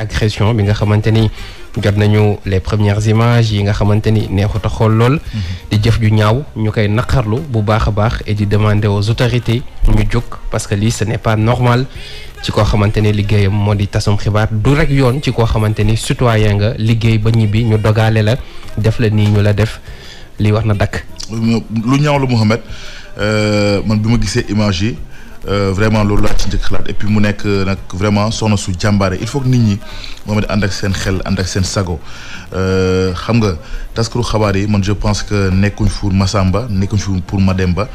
agression bi nga xamante ni jot nañu les premières images yi nga xamante ni neexut a xool lool. Mhm. di jëf ju ñaaw ñu koy naqarlu bu baax a baax et di demander aux autorités ñu jóg parce que lii ce ne pas normal. ci koo xamante ni liggéeyam moo di tasum xibaar du rek yoon ci koo xamante ni citoyen nga liggéey ba ñibbi ñu dogaale la def la nii ñu la def li wax na dakk lu ñaaw la Mouhamed euh, man bi ma gisee image yi. Euh, vraiment loolu laa ci njëkk xalaat et puis mu nekk euh, nag vraiment soxna su jàmbaare il faut nit ñi moom it ànd ak seen xel ànd ak seen sago euh, xam nga taskaru xabaar yi man je pense que nekkuñ pour Massamba nekkuñ fi pour ba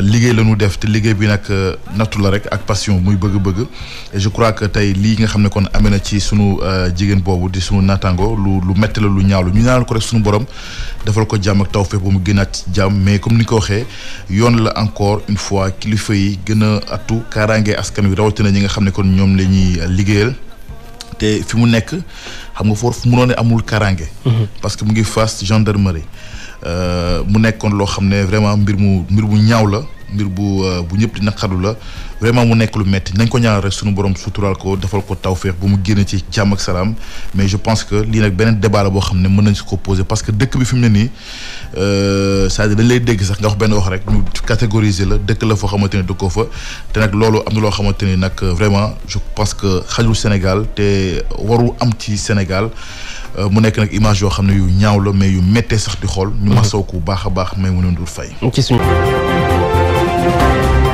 liggéey la ñu def te liggéey bi nag nattu la rek ak passion muy bëgg-bëgg je crois que tey lii nga xam ne kon amee na ci suñu jigéen boobu di sunu naataango lu lu metti la lu ñaaw lu ñu ñaanal ko rek sunu borom defal ko jàmm ak tawfeex ba mu gënaat jàmm mais comme ni ko waxee yoon la encore une fois kilifa yi gën a attu kaaraange askan wi rawal rawatina ñi nga xam ne kon ñoom la ñuy liggéeyal te fi mu nekk xam nga foofu mu noone amul kaaraange. Mhm. parce que mu ngi face gendarmerie euh, mu nekkoon loo xam ne vraiment mbir mu mbir mu ñaaw la. mbir bu euh, bu ñëpp di naqarlu la vraiment mu nekk lu metti nañ ko ñaanal rek borom suturaal ko defal ko tawféex bu mu génn ci jàmm ak salaam mais je pense que lii nag beneen débat boo xam ne mën nañ si ko poser que dëkk bi fi mu ne nii euh, dañ lay dégg sax nga benn wax rek ñu catégoriser la dëkk la foo xamante ne dëkkoo fa te nag loolu am loo xamante ni nag euh, vraiment je pense que xajul Sénégal te waru am ci Sénégal mu nekk nag image yoo xam ne yu ñaaw la mais yu méttee sax di xool ñu mhm. masaw ko bu baax a baax may mën a ndur fay Thank you.